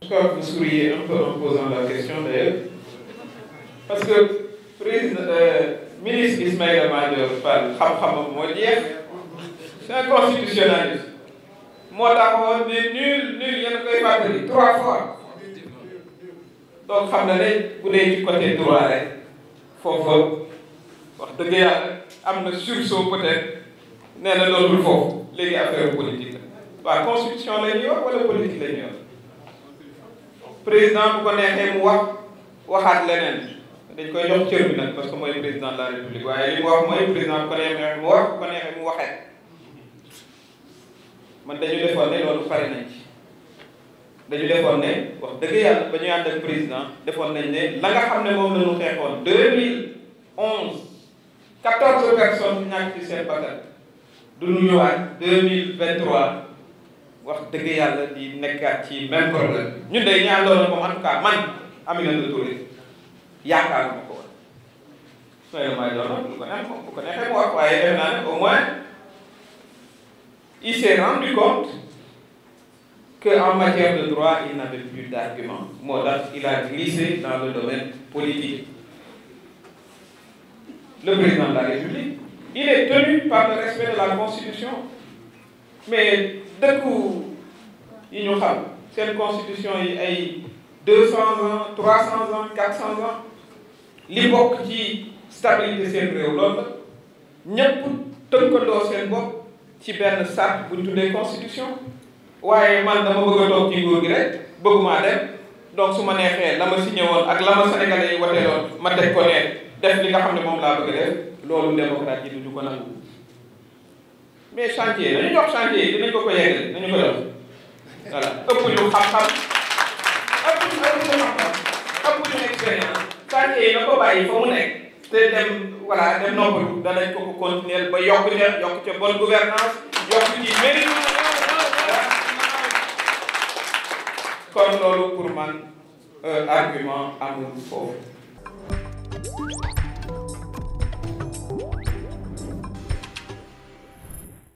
Je crois que vous souriez un peu en posant la question d'ailleurs. Parce que euh, ministre Ismaël Amadou Fall xam-xamam moo jeex c'est un constitutionnaliste moo taxoon ne nul nul yéen koy fàttali trois fois donc xam na ne bu dee ci côté droit rek foofu wax dëgg yàlla am na sursaut peut-être nee na loolu foofu léegi affaire politique la waaw constitution la ñuy wax wala la ñuy wax président bu ko neexee mu wax waxaat leneen dañ koy jox cër bi nag parce que mooy président de la république waaye li mu wax mooy président bu ko mu wax bu ko mu waxee man dañu defoon ne loolu fari nañ ci dañu defoon ne wax dëgg yàlla ba ñu ànd ak président defoon nañ ne la nga xam ne moom la ñu xeexoon deux mille onze quatorze personnes ñàkk ci seen bakkan du nuyuwaat deux mille vingt trois wax dëgg yàlla di nekkaat ci même problème ñun de ñaan loolu moom en tout cas man Aminata Touré yaakaar ma ko woon Souleymane Mbaye doon lu ko neex moom bu ko neexee mu wax waaye def naa ne au moins il s'est rendu compte que en matière de droit il n'avait plus d'argument moo tax il a glissé dans le domaine politique le président de la République il est tenu par le respect de la constitution mais dëkku yi ñu xam seen constitution yi ay deux cent ans trois cent ans quatre cent ans li bokk ci stabilité seen réew loolu la ñépp tënkandoo seen bopp ci benn sart bu ñu tuddee constitution waaye man dama bëgg a toog ci nguur gi rek bëgguma dem donc su ma neexee la si signé woon ak la ma sénégalais yi watee loon ma teg ko ne def li nga xam ne moom laa bëgg def loolu démocrate yi du ko nangu mais chantier dañu jox chantier dinañ ko ko yeggal nañu ko def voilà ëpp ñu xam-xam ëpp ñu xam-xam ëpp ñu expérience chantier yi na ko bàyyi fa mu nekk te dem voilà dem noppalu danañ ko ko continuer ba yokk ca yokk ca bonne gouvernance yokk ci mérite kon loolu pour euh, argument amul foofu